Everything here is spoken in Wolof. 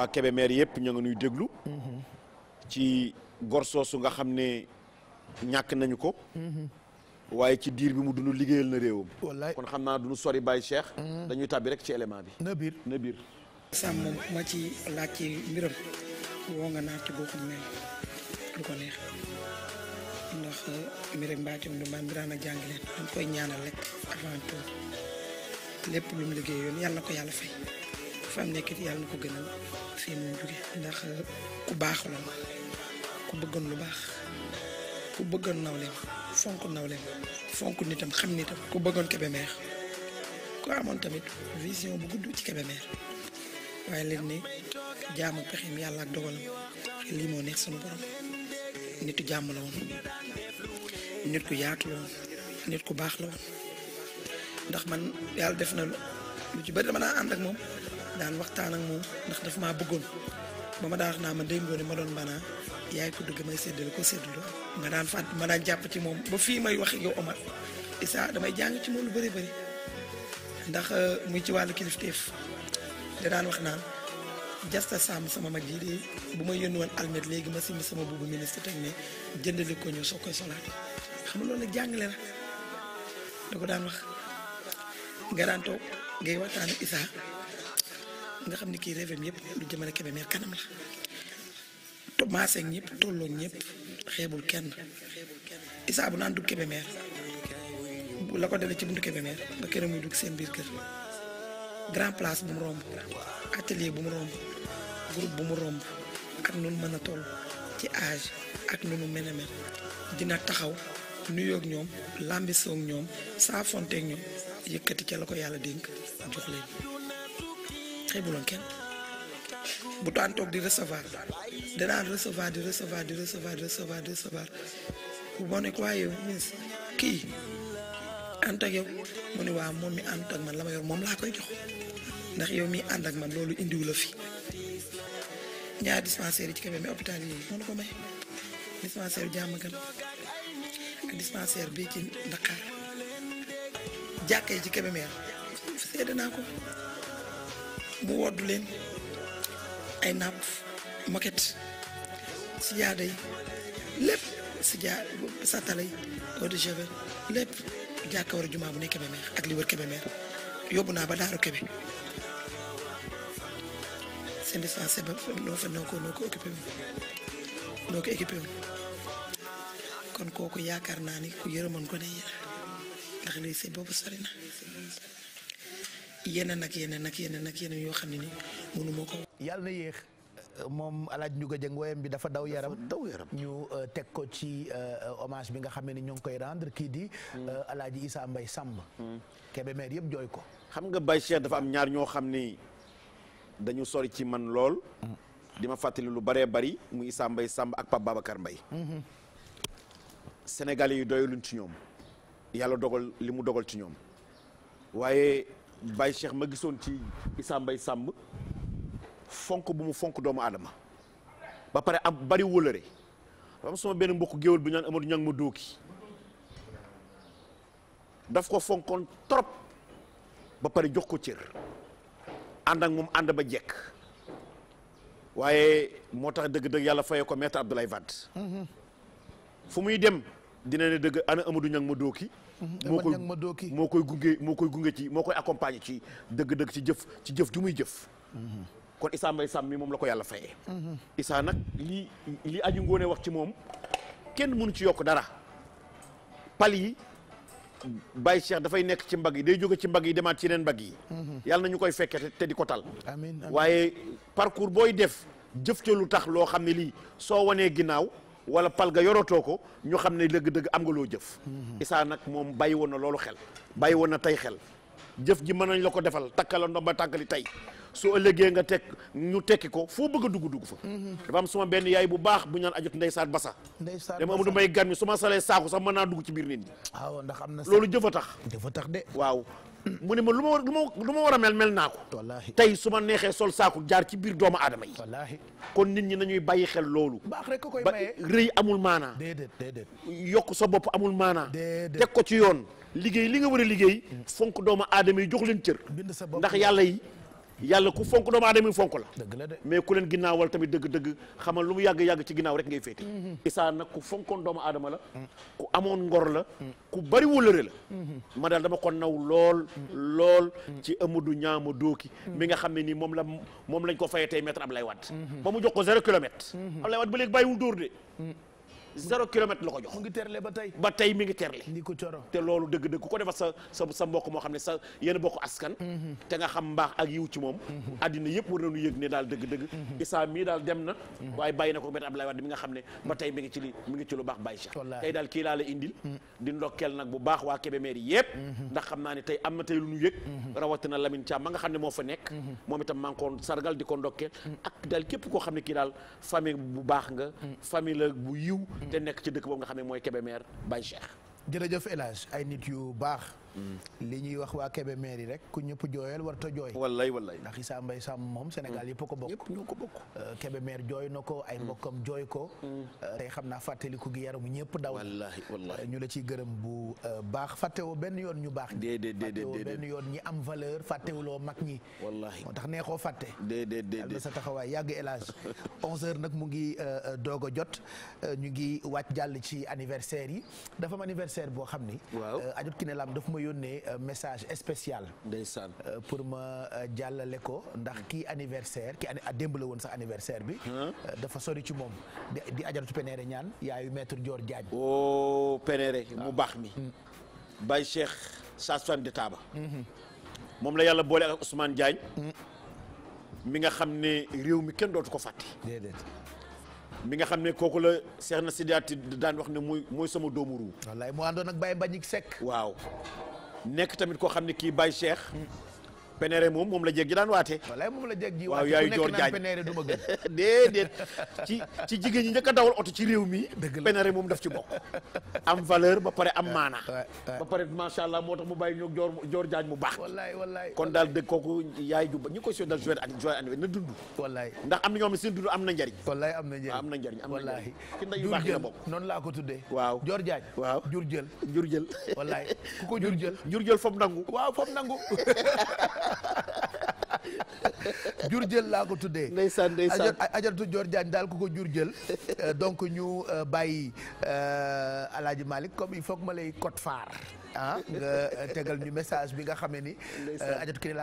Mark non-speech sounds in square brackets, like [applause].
waa Kébémer yëpp ñoo ngi nuy déglu. ci gor soosu nga xam ne ñàkk nañu ko. waaye ci diir bi mu dund liggéeyal na réewam. wallaay kon xam naa du ñu sori Baye Cheikh. dañuy tàbbi rek ci élément bi. na biir na biir. sàmm moom ma ci laaj ci mbiram woo nga naaf ci boo xam ne du ko neex ndax euh, mbiraan a jàng leen koy ñaanal rek avant lépp lu mu liggéeyoon yàlla na ko yàlla fay. fa am nekkit yàlla na ko gënal fii mu jóge ndax ku baax la ku bëggoon lu baax ku bëggoon nawleem fonk nawleem fonk nitam xam nitam ku bëggoon Kébémer ku amoon tamit vision bu gudd ci Kébémer waaye leen ne jaam ak pexeem yàlla ak dogalam lii moo neex sunu borom nit ku yaatu la nit ku baax la ndax man yàlla def na lu ci bëri dama naa ànd ak moom daan waxtaan ak moom ndax daf maa bëggoon ba ma daa wax naa ma Ndeye Ngoné ma doon banaa yaay ko dëgg may séddale ko séddaloo ma daan fàtt ma daan jàpp ci moom ba fii may wax yow Omar damay jàng ci lu bëri bëri ndax euh, muy ci wàllu kilifteef da daan wax naan jasta sàmm sama mag yi de bu ma yónni woon almet léegi ma simb sama buubu ministre teg ne jëndale ko ñëw soo koy solaate xam nga loolu nag jàngale la da ko daan wax nga daan toog ngay waxtaan Issa nga xam ne kii réewam yëpp lu jëmale Kébémer kanam la te maaseeg ñëpp tolloog ñëpp xeebul kenn Issa bu naan dugg Kébémer la ko dalee ci buntu Kébémer ba kër muy dugg seen biir kër grand place bu mu romb atelier bu mu romb groupe bu mu romb ak nu mën a toll ci âge ak nu mu mel dina taxaw nuyoog ñoom làmbisoog ñoom saafonteeg ñoom yëkkati ca la ko yàlla dénk jox xeebuloon kenn bu daan toog di recevoir danaan recevoir di recevoir di recevoir di recevoir di recevoir bu ma ne ko kii ànd ak yow mu ne waa moom mi ànd ak man la ma moom laa koy jox ndax yow mi ànd ak man loolu indiwu fi ñaari dispensaire yi ci Kébémer mais hôpital yi moo ko may dispensaire bi Diamaguène ak dispensaire bi ci Dakar jàkkee ci Kébémer seede naa ko. mu woddu leen ay napp moket si jaada lépp si jaa satala yi eau de javel lépp jàkka war a jumaa bu ne Kébémer ak li wër Kébémer yóbbu naa ba daaru Kébé seen dispensaire ba noo fa noo ko noo ko occupé noo ko équipé kon kooku yaakaar naa ni ku yërëmoon ko ne yéen ndax lii si boobu sori na yeneen ak yeneen ak yeneen ak yeneen yoo xam ne nii ko. yàlla na yéex moom alaaj ñu ko jëng woyam bi dafa daw yaram daw yaram ñu euh, teg ko ci euh, hommage bi nga xamee ne ñoo ngi koy rendre kii di. Hmm. Euh, alaaji Issa Mbaye Samb. Hmm. Kébémer yëpp jooy ko. xam nga Baye Cheikh dafa am ñaar ñoo xam ni dañu sori ci man lool. Hmm. di fàttali lu bëree bari mu Issa Mbaye ak Pape Babacar Mbaye. ñoom. yàlla dogal li mu dogal ci ñoom. waaye. Baye Cheikh ma gisoon ci Issa sàmb Samb fonk bu mu fonk doomu aadama ba pare am bari wóllëre am sama benn mbokk géwél bu ñaan Amadou Ñang ma dooki daf ko fonkoon trop ba pare jox ko cër àndak ak moom ànd ba jekk waaye moo tax dëgg-dëgg yàlla faye ko maître Abdoulaye Wade mhm. fu muy dem dina ne dëgg ana Amadou Niang ma dooki moo koy ma dooki moo koy gunge moo koy gunge ci moo koy accompagner ci dëgg-dëgg ci jëf ci jëf ju muy jëf kon Issa Mbaye Sam mi moom la ko yàlla fayee Issa nag li li aju ngoone wax ci moom kenn mënu ci yokk dara pal yi Baye Cheikh dafay nekk ci mbagg yi day jóge ci mbagg yi demaat ci yeneen mbagg yi mhm. yàlla na ñu koy fekke te di ko tal amiin waaye parcours booy def jëf ca lu tax loo xam ne lii soo wanee ginnaaw wala pal ga yorotoo ko ñu xam ne dëgg-dëgg am nga loo jëf. Mhm. Issa nag moom bàyyi woon na loolu xel bàyyi woon na tey xel jëf ji mën nañ la ko defal takkala ndomba tàkkali tey soo ëllëgee nga teg ñu tekki ko foo bëgg a dugg dugg fa. Mhm. dafa am ma benn yaay bu baax bu ñu naan ajut ndeysaat ba sax basa dama am du may gan mi su ma salee saako sax mën naa dugg ci biir nit ñi. Ah, ndax am na loolu jëf a tax. jëf tax de waaw mu ne ma lu ma war lu ma war a mel mel naa ko. wallaahi tey su ma neexee sol saako jaar ci biir doomu aadama yi. kon nit ñi nañuy bàyyi xel loolu. baax rek koy maye ba rëy amul maanaa. déedéet yokk sa bopp amul maanaa. déedéet teg ko ci yoon. liggéey li nga war a liggéey. fonk doomu aadama yi jox leen cër. bind sa bopp ndax yàlla yi. yàlla ku fonk doomu aadama yi fonk la dëgg la de mais ku leen ginnaawal tamit dëgg-dëgg xamal lu mu yàgg-yàgg ci ginnaaw rek ngay féete mhm. isaa nag ku fonkoon doomu aadama la mhm. ku amoon ngor la mhm. ku bari wëlëre la ma daal dama ko naw lool lool ci Amadou Ñaama Dooki mi nga xam ne nii moom la moom lañ ko faye tey maître Ablaye Wade ba mu jox ko zéro kilomètre Ablaye Wade ba léegi bàyyiwul dóor de zéro kilomètre la ko jox. mu ngi terle ba tey. ba tey mi ngi terle. ni ko coro te loolu dëgg-dëgg ku ko defal sa sa mbokk moo xam ne sa yéen bokk askan. Mm-hmm. te nga xam mbaax ak yiw ci moom. addina mm-hmm. yëpp war nañu yëg ne daal dëgg-dëgg. Mm-hmm. Issa mii daal dem na. waaye bàyyi na ko Maître Abdoulaye Wade mi nga xam ne ba tey mi ngi ci li mi ngi ci lu baax bàyyi sax. tey daal kii laa la indil. di ndokkeel nag bu baax waa Kébémer yëpp. ndax xam naa ne tey am na tey lu ñu yëg. rawatina Lamine Thiam ma nga xam ne moo fa nekk. moom itam maa ngi ko sargal di ko ndokkeel ak daal képp koo xam ne kii daal famille bu baax nga famille bu yiw te nekk ci dëkk boobu nga xam ne mooy Kébémer Baye Cheikh. jërëjëf El Hadj ay nit yu baax. li ñuy wax waa Kébé maire yi rek ku ñëpp jooyal war ta jooy wallay wallay ndax Issa Mbaye Samb moom Sénégal mm. yëpp ko bokk ñoo ko bokk euh, Kébé maire jooy na ko ay mm. mbokkam jooy ko mm. euh, tey xam naa fàttaliku gi yaram ñëpp daw wallaahi wallaahi euh, ñu la ciy gërëm bu baax fàttewoo benn yoon ñu baax déedéet déedéet fàttewoo benn yoon ñi am valeur fàttewuloo mag ñi wallaahi moo tax neexoo fàtte déedéet déedéet sa taxawaay yàgg élage onze nag mu ngi doog a jot ñu ngi wàcc jàll ci anniversaire yi dafa am anniversaire boo xam ni ajot ki ne lam yónnee euh, message spécial. ndeysaan euh, pour ma euh, jàllale ko ndax kii anniversaire ki a démb woon sax anniversaire bi. dafa sori ci moom di ajaratu Pénéré ñaan yaayu maître Dior Diagne. oh mi. Mm. Baye Cheikh Sassane de Taba. Mhm. la yàlla boole ak Ousmane Diagne. Mm. mi nga xam ne réew mi kenn dootu ko fàtte. mi nga xam ne kooku la Cheikh na Sidiati daan wax ne mooy sama doomu ruu. wallaay mu àndoon ak Baye Mbagnick Seck. waaw nekk tamit koo xam ne kii Baye Cheikh penere moom moom la jéeg ji daan waate. walaay moom la jéeg ji waate waaw yaayu joor jaañ du ma gën. [laughs] ci ci jigéen ñi njëkk dawal oto ci réew mi. [laughs] dëgg la moom daf ci bokk. am valeur ba pare am [laughs] maana ba pare macha allah moo tax mu bàyyi ñoog joor joor jaañ mu baax. wallaay wallaay kon daal dëgg kooku yaay ju ñu ko sodal joué ak joué ndax am na am na njariñ. wallaay am na njariñ am na njariñ am na njariñ. ci noonu laa ko tuddee. waaw joor jaañ. waaw jur jël jur jël. wallaay ku ko jur jël. jur jël foofu nangu. waaw foofu nangu jur jël laa ko tuddee. ndeysaan ndeysaan ajatu jor Diagne daal ku ko jur jël. Euh, donc ñu euh, bàyyi euh, El Hadj Malick comme il faut que ma lay code phare ah, nga tegal ñu message bi nga xamee ni. ajatu kii